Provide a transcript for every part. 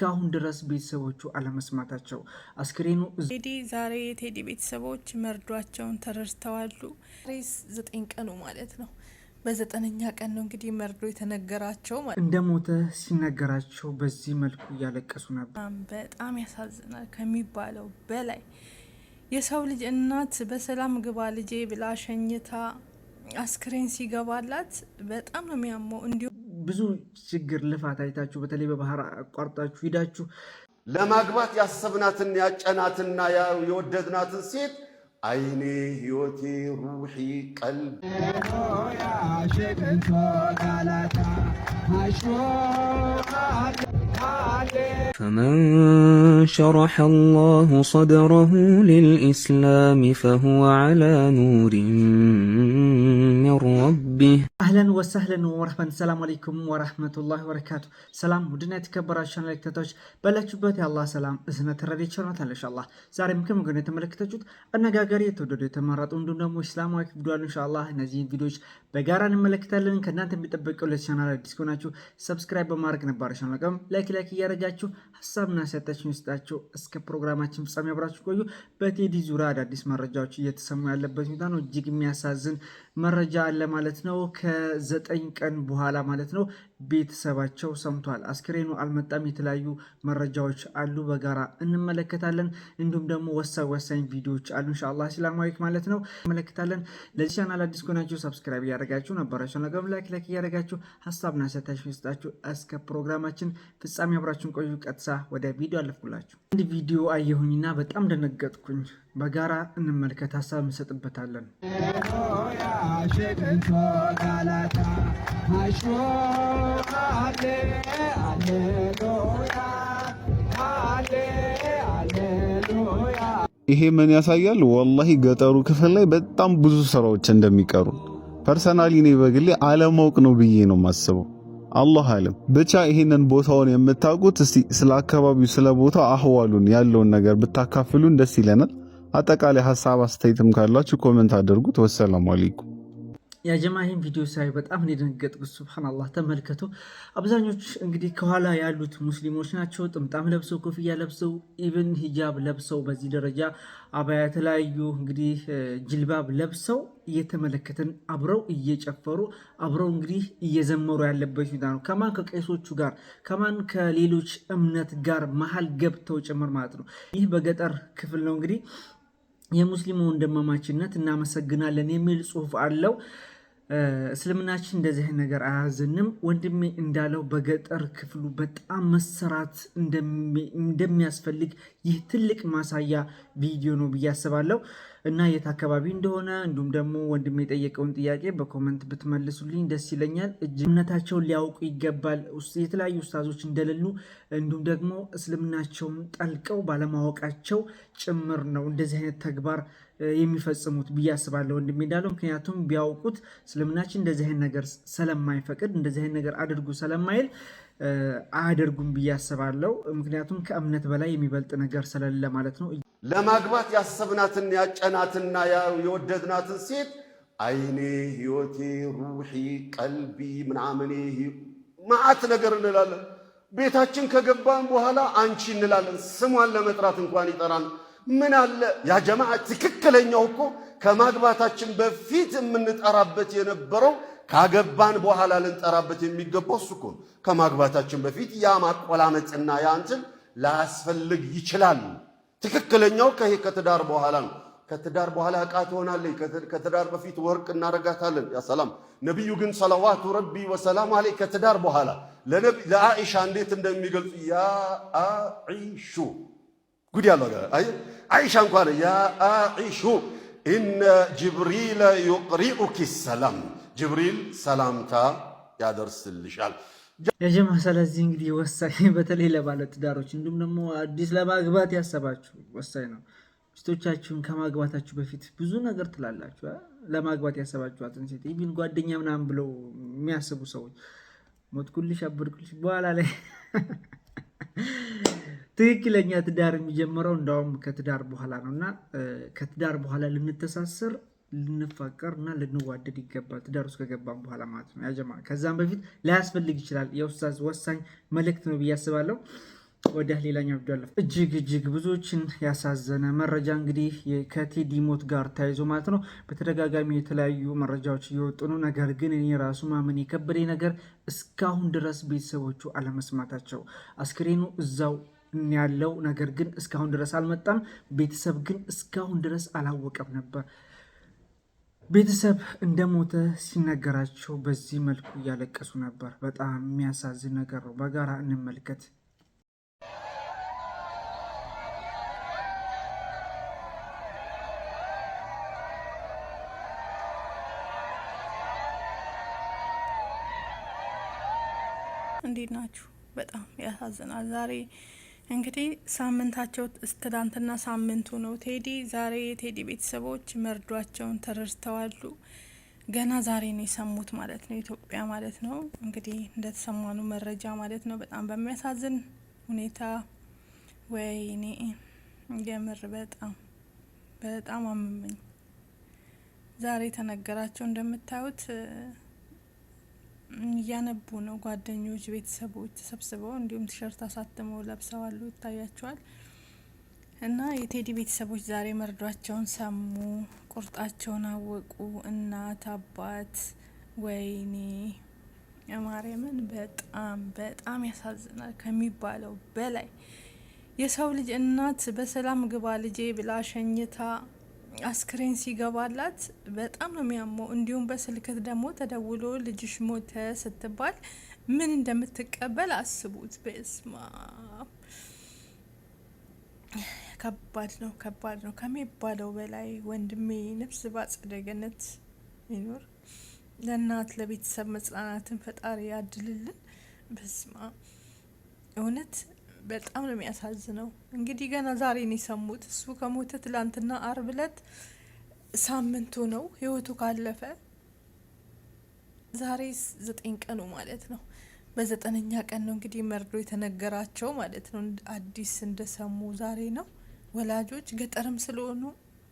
እስካሁን ድረስ ቤተሰቦቹ አለመስማታቸው አስክሬኑ ቴዲ ዛሬ የቴዲ ቤተሰቦች መርዷቸውን ተረድተዋሉ። ሬስ ዘጠኝ ቀኑ ማለት ነው። በዘጠነኛ ቀን ነው እንግዲህ መርዶ የተነገራቸው ማለት እንደ ሞተ ሲነገራቸው በዚህ መልኩ እያለቀሱ ነበር። በጣም ያሳዝናል ከሚባለው በላይ የሰው ልጅ እናት በሰላም ግባ ልጄ ብላ ሸኝታ አስክሬን ሲገባላት በጣም ነው የሚያመው እንዲሁ ብዙ ችግር፣ ልፋት አይታችሁ በተለይ በባህር አቋርጣችሁ ሂዳችሁ ለማግባት ያሰብናትን ያጨናትና የወደድናትን ሴት አይኔ፣ ህይወቴ፣ ሩሒ፣ ቀልብ فمن شرح الله صدره للإسلام فهو على نور من ربه أهلا وسهلا ورحمة السلام عليكم ورحمة الله وبركاته ሰላም ውድና የተከበራችሁ ተመልካቾች ባላችሁበት የአላህ ሰላም እዝነት ረድኤት ይቸርነታል ኢንሻአላህ ዛሬም ከምግብ ነው የተመለከታችሁት አነጋጋሪ የተወደዱ የተመረጡ እንዲሁም ደግሞ እስላማዊ ቪዲዮዋል ኢንሻአላህ እነዚህን ቪዲዮዎች በጋራ እንመለከታለን ከእናንተ የሚጠበቀው ለቻናል አዲስ ከሆናችሁ ሰብስክራይብ በማድረግ ነባር ሻናል ላይክ ላይክ እያደረጋችሁ ሀሳብና አስተያየታችሁን ስጣችሁ። እስከ ፕሮግራማችን ፍጻሜ አብራችሁ ቆዩ። በቴዲ ዙሪያ አዳዲስ መረጃዎች እየተሰሙ ያለበት ሁኔታ ነው። እጅግ የሚያሳዝን መረጃ አለ ማለት ነው። ከዘጠኝ ቀን በኋላ ማለት ነው ቤተሰባቸው ሰምቷል። አስክሬኑ አልመጣም። የተለያዩ መረጃዎች አሉ፣ በጋራ እንመለከታለን። እንዲሁም ደግሞ ወሳኝ ወሳኝ ቪዲዮዎች አሉ። እንሻላ ስላማዊክ ማለት ነው እንመለከታለን። ለዚህ ቻናል አዲስ ከሆናችሁ ሰብስክራይብ እያደረጋችሁ ነበራቸው ነገር ላይክ ላይክ እያደረጋችሁ ሀሳብና ሰታሽ ስጣችሁ እስከ ፕሮግራማችን ፍጻሜ አብራችሁን ቆዩ። ቀጥሳ ወደ ቪዲዮ አለፍኩላችሁ። አንድ ቪዲዮ አየሁኝና በጣም ደነገጥኩኝ። በጋራ እንመልከት፣ ሀሳብ እንሰጥበታለን። ይሄ ምን ያሳያል? ወላሂ ገጠሩ ክፍል ላይ በጣም ብዙ ስራዎች እንደሚቀሩ ፐርሰናሊ እኔ በግሌ አለማወቅ ነው ብዬ ነው የማስበው። አላህ አለም ብቻ ይሄንን ቦታውን የምታውቁት እስቲ ስለ አካባቢው ስለ ቦታው አህዋሉን ያለውን ነገር ብታካፍሉን ደስ ይለናል። አጠቃላይ ሀሳብ አስተያየትም ካላችሁ ኮመንት አድርጉት። ወሰላሙ አለይኩም ያጀማ ቪዲዮ ሳይ በጣም እንደደነገጥኩት ሱብሃናላህ። ተመልከቱ። አብዛኞቹ እንግዲህ ከኋላ ያሉት ሙስሊሞች ናቸው። ጥምጣም ለብሰው፣ ኮፍያ ለብሰው፣ ኢብን ሂጃብ ለብሰው በዚህ ደረጃ አባያ፣ የተለያዩ እንግዲህ ጅልባብ ለብሰው እየተመለከትን አብረው እየጨፈሩ አብረው እንግዲህ እየዘመሩ ያለበት ሁኔታ ነው። ከማን ከቄሶቹ ጋር ከማን ከሌሎች እምነት ጋር መሀል ገብተው ጭምር ማለት ነው። ይህ በገጠር ክፍል ነው እንግዲህ የሙስሊም ወንድማማችነት እናመሰግናለን የሚል ጽሁፍ አለው። እስልምናችን እንደዚህ ነገር አያዝንም። ወንድሜ እንዳለው በገጠር ክፍሉ በጣም መሰራት እንደሚያስፈልግ ይህ ትልቅ ማሳያ ቪዲዮ ነው ብዬ አስባለሁ። እና የት አካባቢ እንደሆነ እንዲሁም ደግሞ ወንድም የጠየቀውን ጥያቄ በኮመንት ብትመልሱልኝ ደስ ይለኛል። እጅ እምነታቸውን ሊያውቁ ይገባል። የተለያዩ ኡስታዞች እንደሌሉ እንዲሁም ደግሞ እስልምናቸውን ጠልቀው ባለማወቃቸው ጭምር ነው እንደዚህ አይነት ተግባር የሚፈጽሙት ብዬ አስባለሁ ወንድም እንዳለው። ምክንያቱም ቢያውቁት እስልምናችን እንደዚህ አይነት ነገር ስለማይፈቅድ እንደዚህ አይነት ነገር አድርጉ ስለማይል አያደርጉም ብዬ አስባለሁ። ምክንያቱም ከእምነት በላይ የሚበልጥ ነገር ስለሌለ ማለት ነው። ለማግባት ያሰብናትን ያጨናትና የወደድናትን ሴት አይኔ፣ ህይወቴ፣ ሩሒ፣ ቀልቢ ምናምኔ መዓት ነገር እንላለን። ቤታችን ከገባን በኋላ አንቺ እንላለን። ስሟን ለመጥራት እንኳን ይጠራን። ምን አለ ያ ጀማ፣ ትክክለኛው እኮ ከማግባታችን በፊት የምንጠራበት የነበረው ካገባን በኋላ ልንጠራበት የሚገባው እሱ እኮ ከማግባታችን በፊት ያ ማቆላመጥና ያ እንትን ላያስፈልግ ይችላል። ትክክለኛው ከትዳር በኋላ ነው። ከትዳር በኋላ እቃ ትሆናለች። ከትዳር በፊት ወርቅ እናደርጋታለን። ያ ሰላም ነቢዩ ግን ሰለዋቱ ረቢ ወሰላሙ አለይ ከትዳር በኋላ ለአኢሻ እንዴት እንደሚገልጹ ያ አኢሹ ጉድ ያለው አይሻ እንኳን ያ አኢሹ ኢነ ጅብሪል ዩቅሪኡኪ ሰላም ጅብሪል ሰላምታ ያደርስልሻል። የጀማ ስለዚህ እንግዲህ ወሳኝ በተለይ ለባለ ትዳሮች እንዲሁም ደግሞ አዲስ ለማግባት ያሰባችሁ ወሳኝ ነው። ሚስቶቻችሁን ከማግባታችሁ በፊት ብዙ ነገር ትላላችሁ። ለማግባት ያሰባችኋትን ሴት ኢቭን ጓደኛ ምናምን ብለው የሚያስቡ ሰዎች ሞትኩልሽ፣ አበድኩልሽ በኋላ ላይ ትክክለኛ ትዳር የሚጀምረው እንዳውም ከትዳር በኋላ ነው እና ከትዳር በኋላ ልንተሳሰር ልንፋቀር እና ልንዋደድ ይገባል። ትዳር ውስጥ ከገባን በኋላ ማለት ነው ያጀማ። ከዛም በፊት ላያስፈልግ ይችላል። የውስታዝ ወሳኝ መልእክት ነው ብዬ አስባለሁ። ወደ ሌላኛው ቪዲዮ እጅግ እጅግ ብዙዎችን ያሳዘነ መረጃ እንግዲህ ከቴዲ ሞት ጋር ተያይዞ ማለት ነው በተደጋጋሚ የተለያዩ መረጃዎች እየወጡ ነው። ነገር ግን እኔ ራሱ ማመን የከበደ ነገር እስካሁን ድረስ ቤተሰቦቹ አለመስማታቸው አስክሬኑ እዛው ያለው ነገር ግን እስካሁን ድረስ አልመጣም። ቤተሰብ ግን እስካሁን ድረስ አላወቀም ነበር። ቤተሰብ እንደሞተ ሲነገራቸው በዚህ መልኩ እያለቀሱ ነበር። በጣም የሚያሳዝን ነገር ነው። በጋራ እንመልከት። እንዴት ናችሁ? በጣም ያሳዝናል ዛሬ እንግዲህ ሳምንታቸው ትናንትና ሳምንቱ ነው ቴዲ። ዛሬ የቴዲ ቤተሰቦች መርዷቸውን ተረድተዋሉ። ገና ዛሬ ነው የሰሙት ማለት ነው፣ ኢትዮጵያ ማለት ነው። እንግዲህ እንደተሰማኑ መረጃ ማለት ነው። በጣም በሚያሳዝን ሁኔታ ወይኔ፣ የምር በጣም በጣም አመመኝ ዛሬ ተነገራቸው እንደምታዩት እያነቡ ነው። ጓደኞች፣ ቤተሰቦች ተሰብስበው እንዲሁም ቲሸርት አሳትመው ለብሰዋሉ ይታያቸዋል። እና የቴዲ ቤተሰቦች ዛሬ መርዷቸውን ሰሙ፣ ቁርጣቸውን አወቁ። እናት አባት፣ ወይኔ ማርያምን በጣም በጣም ያሳዝናል ከሚባለው በላይ የሰው ልጅ እናት በሰላም ግባ ልጄ ብላ ሸኝታ አስክሬን ሲገባላት በጣም ነው የሚያመው። እንዲሁም በስልክ ደግሞ ተደውሎ ልጅሽ ሞተ ስትባል ምን እንደምትቀበል አስቡት። በስማ ከባድ ነው፣ ከባድ ነው ከሚባለው በላይ ወንድሜ ነፍስ በአጸደ ገነት ይኖር። ለእናት ለቤተሰብ መጽናናትን ፈጣሪ ያድልልን። በስማ እውነት በጣም ነው የሚያሳዝነው። እንግዲህ ገና ዛሬ ነው የሰሙት። እሱ ከሞተ ትላንትና አርብ እለት ሳምንቱ ነው ህይወቱ ካለፈ ዛሬ ዘጠኝ ቀኑ ማለት ነው። በዘጠነኛ ቀን ነው እንግዲህ መርዶ የተነገራቸው ማለት ነው። አዲስ እንደሰሙ ዛሬ ነው። ወላጆች ገጠርም ስለሆኑ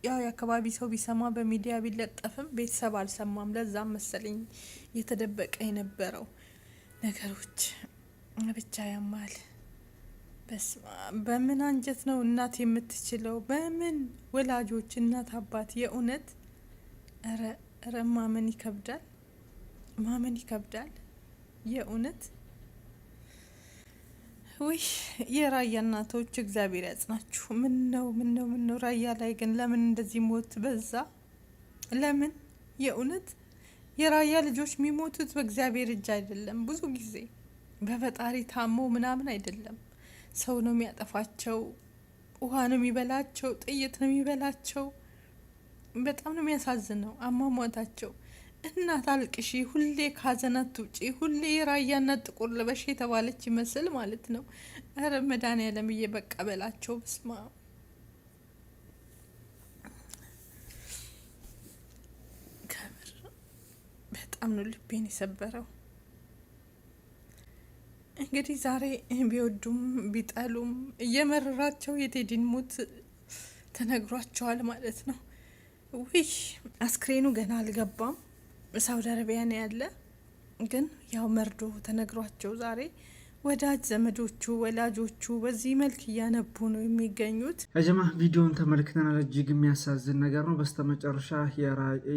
ያው የአካባቢ ሰው ቢሰማ በሚዲያ ቢለጠፍም ቤተሰብ አልሰማም። ለዛም መሰለኝ እየተደበቀ የነበረው ነገሮች ብቻ ያማል። በስማ በምን አንጀት ነው እናት የምትችለው? በምን ወላጆች እናት አባት የእውነት ረ ረ ማመን ይከብዳል፣ ማመን ይከብዳል የእውነት ውይ የራያ እናቶች እግዚአብሔር ያጽናችሁ። ምን ነው ምን ነው ምን ነው ራያ ላይ ግን ለምን እንደዚህ ሞት በዛ? ለምን የእውነት የራያ ልጆች የሚሞቱት በእግዚአብሔር እጅ አይደለም፣ ብዙ ጊዜ በፈጣሪ ታሞ ምናምን አይደለም ሰው ነው የሚያጠፋቸው፣ ውሃ ነው የሚበላቸው፣ ጥይት ነው የሚበላቸው። በጣም ነው የሚያሳዝነው አሟሟታቸው። እናት አልቅሺ፣ ሁሌ ከሀዘናት ውጪ፣ ሁሌ የራያና ጥቁር ልበሽ የተባለች ይመስል ማለት ነው። ኧረ መድኃኒዓለም እየበቃ በላቸው። በስማ ከምር በጣም ነው ልቤን የሰበረው። እንግዲህ ዛሬ ቢወዱም ቢጠሉም እየመረራቸው የቴዲን ሞት ተነግሯቸዋል ማለት ነው። ውይ አስክሬኑ ገና አልገባም፣ ሳውዲ አረቢያ ነው ያለ። ግን ያው መርዶ ተነግሯቸው ዛሬ ወዳጅ ዘመዶቹ ወላጆቹ በዚህ መልክ እያነቡ ነው የሚገኙት። እጀማ ቪዲዮን ተመልክተናል። እጅግ የሚያሳዝን ነገር ነው። በስተመጨረሻ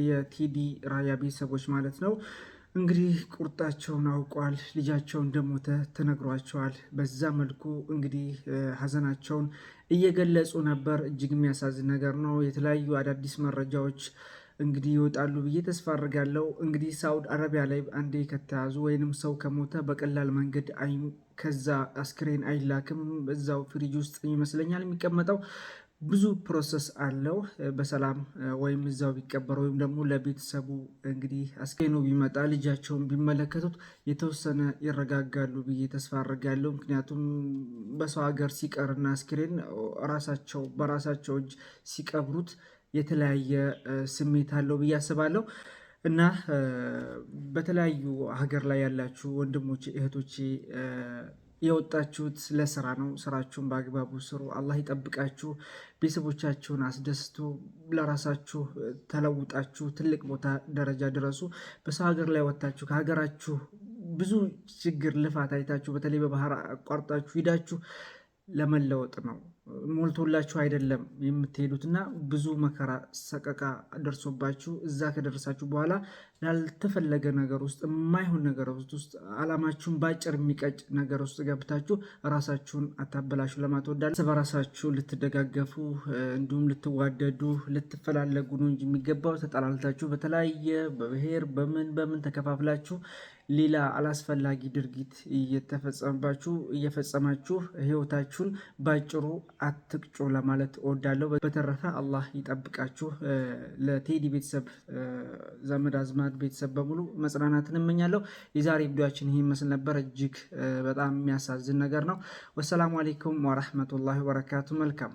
የቴዲ ራያ ቤተሰቦች ማለት ነው እንግዲህ ቁርጣቸውን አውቋል። ልጃቸው እንደሞተ ተነግሯቸዋል። በዛ መልኩ እንግዲህ ሀዘናቸውን እየገለጹ ነበር። እጅግ የሚያሳዝን ነገር ነው። የተለያዩ አዳዲስ መረጃዎች እንግዲህ ይወጣሉ ብዬ ተስፋ አድርጋለሁ። እንግዲህ ሳውድ አረቢያ ላይ አንዴ ከተያዙ ወይንም ሰው ከሞተ በቀላል መንገድ ከዛ አስክሬን አይላክም። በዛው ፍሪጅ ውስጥ ይመስለኛል የሚቀመጠው። ብዙ ፕሮሰስ አለው። በሰላም ወይም እዛው ቢቀበር ወይም ደግሞ ለቤተሰቡ እንግዲህ አስከሬኑ ቢመጣ ልጃቸውን ቢመለከቱት የተወሰነ ይረጋጋሉ ብዬ ተስፋ አድርጋለሁ። ምክንያቱም በሰው ሀገር ሲቀርና አስክሬን ራሳቸው በራሳቸው እጅ ሲቀብሩት የተለያየ ስሜት አለው ብዬ አስባለሁ። እና በተለያዩ ሀገር ላይ ያላችሁ ወንድሞቼ እህቶቼ የወጣችሁት ለስራ ነው። ስራችሁን በአግባቡ ስሩ። አላህ ይጠብቃችሁ። ቤተሰቦቻችሁን አስደስቶ ለራሳችሁ ተለውጣችሁ ትልቅ ቦታ ደረጃ ድረሱ። በሰው ሀገር ላይ ወጥታችሁ ከሀገራችሁ ብዙ ችግር፣ ልፋት አይታችሁ በተለይ በባህር አቋርጣችሁ ሂዳችሁ ለመለወጥ ነው። ሞልቶላችሁ አይደለም የምትሄዱት እና ብዙ መከራ ሰቀቃ ደርሶባችሁ እዛ ከደረሳችሁ በኋላ ላልተፈለገ ነገር ውስጥ የማይሆን ነገር ውስጥ አላማችሁን በአጭር የሚቀጭ ነገር ውስጥ ገብታችሁ ራሳችሁን አታበላሹ ለማትወዳ ስበ ራሳችሁ ልትደጋገፉ እንዲሁም ልትዋደዱ ልትፈላለጉ ነው እንጂ የሚገባው ተጠላልታችሁ በተለያየ በብሔር በምን በምን ተከፋፍላችሁ ሌላ አላስፈላጊ ድርጊት እየተፈጸመባችሁ እየፈጸማችሁ ህይወታችሁን ባጭሩ አትቅጩ ለማለት እወዳለሁ። በተረፈ አላህ ይጠብቃችሁ። ለቴዲ ቤተሰብ፣ ዘመድ አዝማድ ቤተሰብ በሙሉ መጽናናትን እመኛለሁ። የዛሬ ቪዲዮችን ይህ ይመስል ነበር። እጅግ በጣም የሚያሳዝን ነገር ነው። ወሰላሙ አሌይኩም ወረህመቱላሂ ወበረካቱ። መልካም